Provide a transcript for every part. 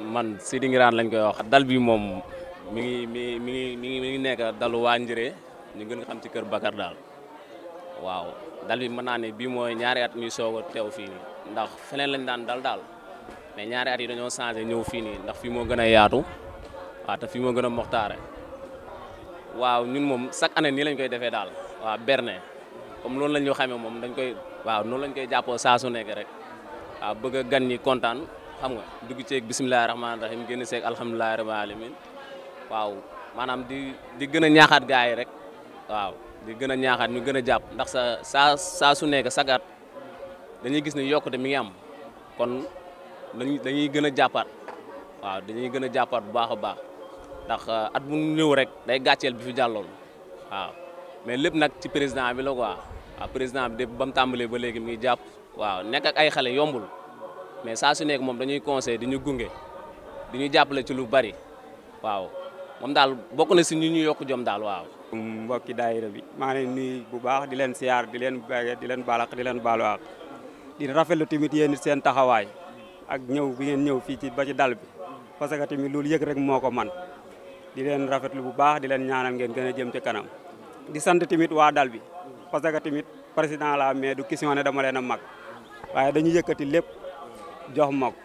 man Sidi Ngiraan lañ koy wax dal bi moom mi ngi mi ngi mi ngi mi ngi nekk dalu waa Njëree ñu gën xam ci kër Bakar daal waaw dal bi mën naa ne bii mooy ñaari at mi soog a teew fii nii ndax feneen lañ daan dal daal mais ñaari at yi dañoo changé ñëw fii nii ndax fii moo gën a yaatu waaw te fii moo gën a moxtaare waaw ñun moom chaque année nii lañ koy defee daal waaw berne comme loolu la ñu xamee moom dañ koy waaw noonu lañ koy jàppoo saa su rek waaw bëgg gan ñi kontaan. xam nga dugg ceeg bisimilah rahmaani rahim génn seeg alhamdulilah rabbil alamin waaw maanaam di di gën a ñaaxaat gars yi rek waaw di gën a ñaaxaat ñu gën a jàpp ndax sa saa saa su nekk sagaat dañuy gis ne yokkute mi ngi am kon dañuy dañuy gën a jàppaat waaw dañuy gën a jàppaat bu baax a baax ndax uh, at bu ñëw rek day gàcceel bi fi jàlloon waaw mais lépp nag ci président bi la quoi waaw président bi de ba mu tàmbalee ba léegi mi jàpp waaw nekk ay xale yombul. mais saa su nekk moom dañuy conseil di ñu gunge di ñu jàppale ci lu bari waaw moom daal bokk na si ñu ñu yokk jom daal waaw. mbokki daayira bi maa nii bu baax di leen siyaar di leen bëgg di leen baalax di leen baalu àq di rafetlu tamit yéen seen taxawaay ak ñëw bi ngeen ñëw fii ci ba ci dal bi parce que tamit loolu yëg rek moo ko man di leen rafetlu bu baax di leen ñaanal ngeen gën a jëm ci kanam di sant tamit waa dal bi parce que tamit président la mais du question ne dama leen a mag waaye dañu yëkkati lépp. jox ma ko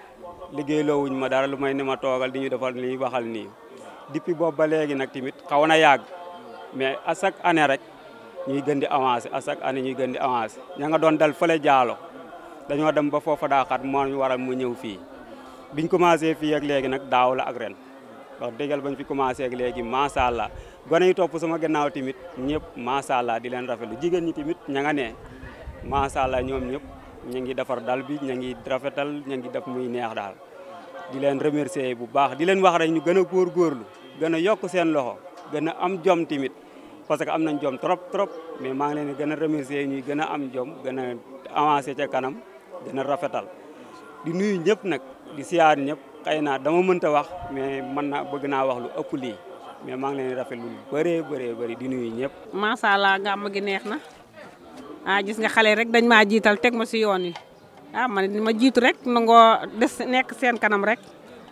liggéey loowuñ ma dara lu may ni ma toogal di ñu defal nii waxal nii depuis boobu ba léegi nag tamit xaw na yàgg mais à chaque année rek ñuy gën di avancé à chaque année ñuy gën di avancé nga doon dal fële jaalo dañoo dem ba foofa daa xat moo ñu waral mu ñëw fii biñ commencé fii ak léegi nag daaw la ak ren wax dëggal bañ fi commencé ak léegi macha allah gone yi topp sama gannaaw tamit ñëpp macha allah di leen rafetlu jigéen ñi tamit ña nga ne macha allah ñoom ñëpp ñu ngi defar dal bi ñu ngi rafetal ñu ngi def muy neex daal di leen remercier bu baax di leen wax rek ñu gën a góor góorlu gën a yokk seen loxo gën a am jom tamit parce que am nañ jom trop trop mais maa ngi leen gën a remercier ñuy gën a am jom gën a avancer ca kanam gën a rafetal di nuyu ñëpp nag di siyaar ñëpp xëy naa dama mënta wax mais mën naa bëgg naa wax lu ëpp lii mais maa ngi leen di rafetlu lu bëree bëree bëri di nuyu ñëpp. macha allah gàmm gi neex na. ah gis nga xale yi rek dañ maa jiital teg ma si yoon yi ah man ma jiitu rek nangoo des nekk seen kanam rek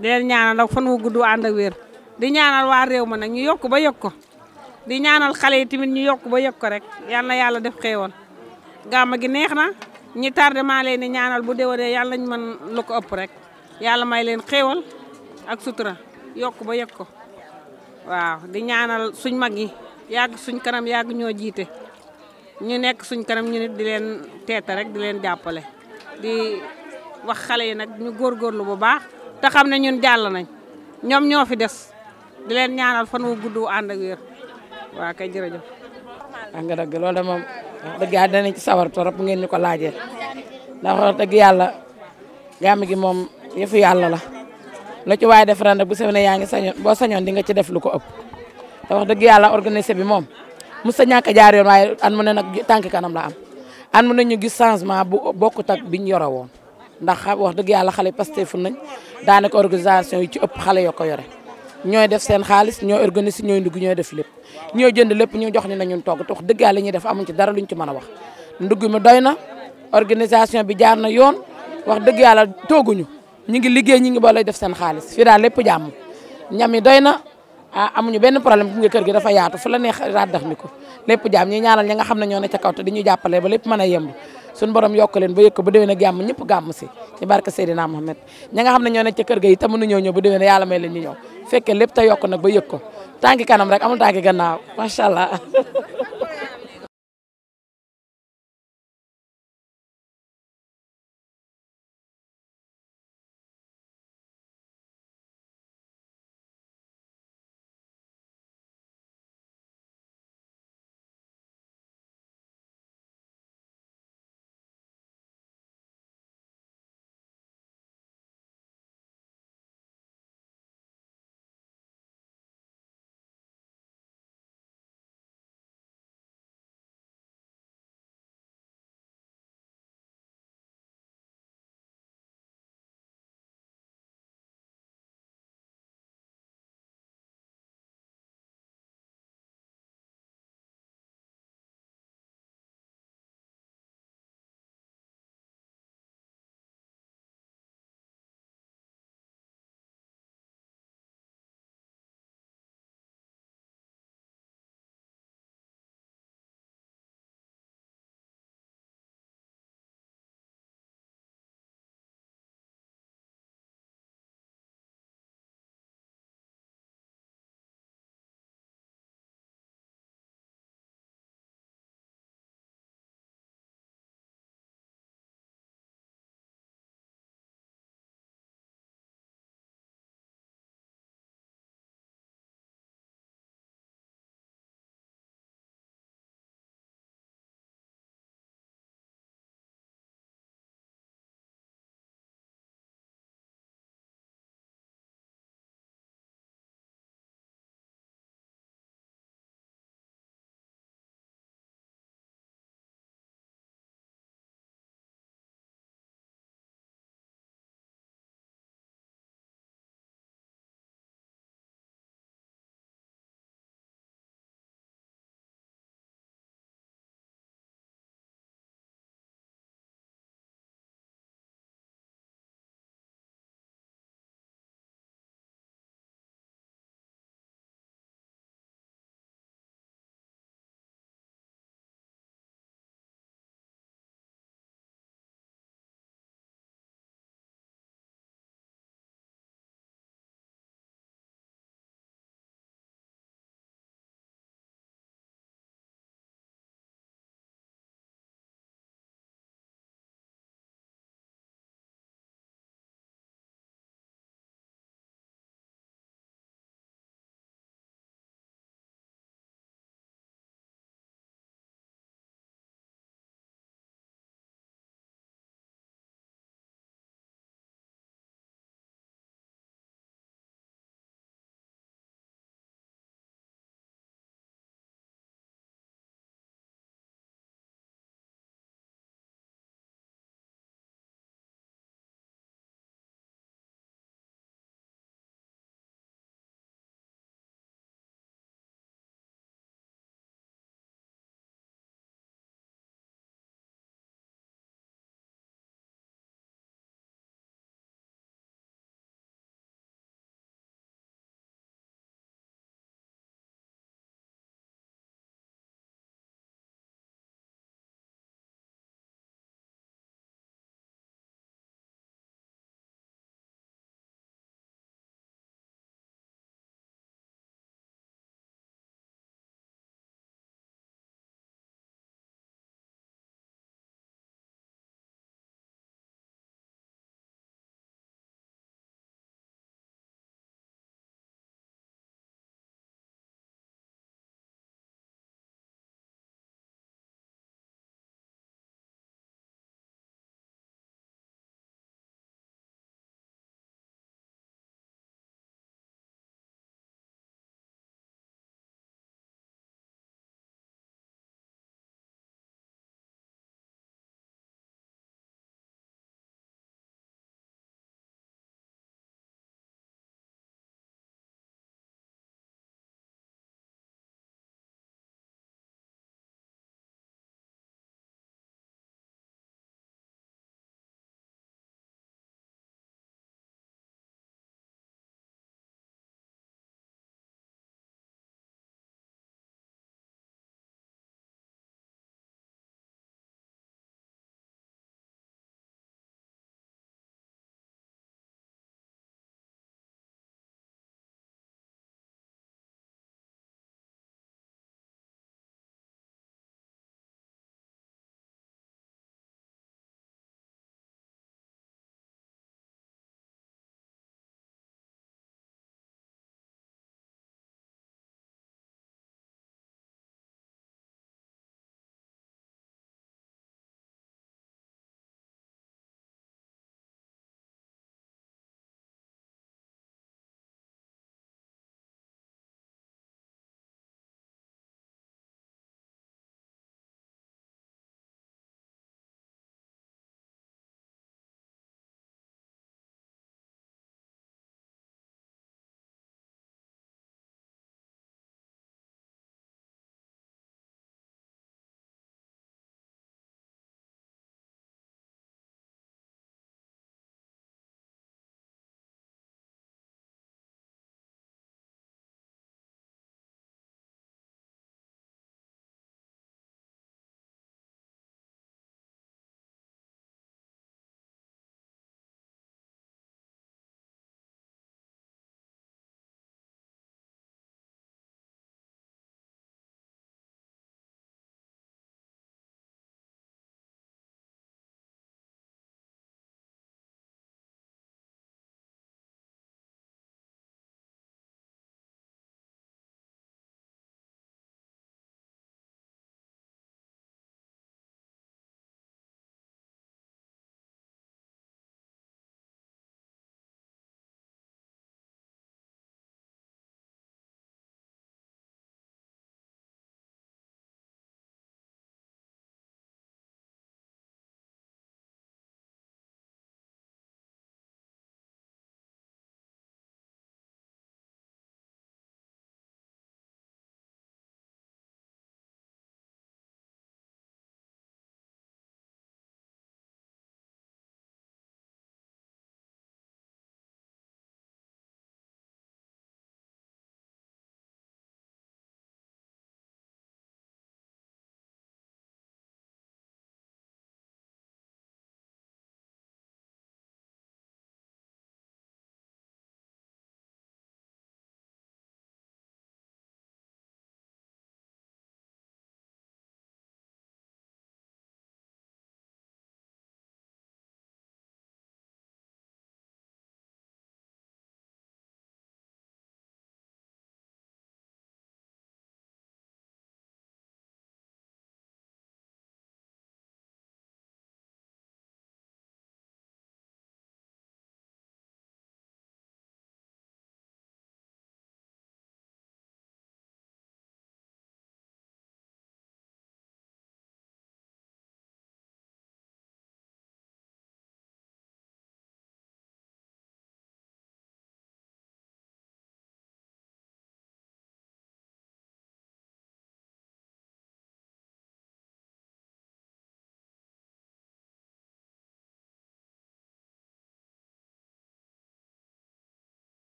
di leen ñaanal ak fan wu a ànd ak wér di ñaanal waa réew ma nag ñu yokk ba yokk ko di ñaanal xale yi tamit ñu yokk ba yokk ko rek yal na yàlla def xéewal gàmm gi neex na ñi tardé maa leen ñaanal bu déwénee yàlla nañ mën lu ko ëpp rek yàlla may leen xéewal ak sutura yokk ba yokk ko waaw di ñaanal suñ mag yi yàgg suñ kanam yàgg ñoo jiite. ñu nekk suñ kanam ñu nit di leen teeta rek di leen jàppale di wax xale yi nag ñu góorgóorlu bu baax te xam ne ñun jàll nañ ñoom ñoo fi des di leen ñaanal fan wu gudd wu ànd ak wér waa kay jërëjëf. wax ah, nga dëgg loolu de moom dëgg yàlla danañ ci sawar torop ngeen ñu ko laajee ndax dëgg yàlla gàmm gi moom yëfu yàlla la la ci waaye def ren bu sewee ne yaa ngi sañoon boo sañoon di nga ci def lu ko ëpp te wax dëgg yàlla organisé bi moom. mos a ñàkk jaar yoon waaye an mu nag tànk kanam la am an mu ne ñu gis changement bu bokkut ak biñ yore woon ndax wax dëgg yàlla xale Pastef fu nañ daanaka organisation yi ci ëpp xale yoo ko yore ñooy def seen xaalis ñooy organiser ñooy ndugg ñooy def lépp ñooy jënd lépp ñu jox ñu ne ñun togg te wax dëgg yàlla ñuy def amu ci dara luñ ci man a wax ndëgg mi doy na organisation bi jaar na yoon wax dëgg yàlla tooguñu ñu ngi liggéey ñu ngi ba lay def seen xaalis fii daal lépp jàmm ñam yi doy ah amuñu benn problème bu nga kër gi dafa yaatu fu la neex raddax ni ko lépp jaam ñi ñaanal ñi nga xam ne ñoo ne ca kaw te dañuy jàppale ba lépp mën a yemb borom yokk leen ba yëkk ba déwén ak jàmm ñëpp gàmm si ci barke Seydina Mohamed ñi nga xam ne ñoo ne ca kër ga yi te mënuñoo ñëw ba déwén yàlla may leen ñu ñëw fekkee lépp te yokk nag ba yëg ko tànki kanam rek amul tànki gannaaw macha allah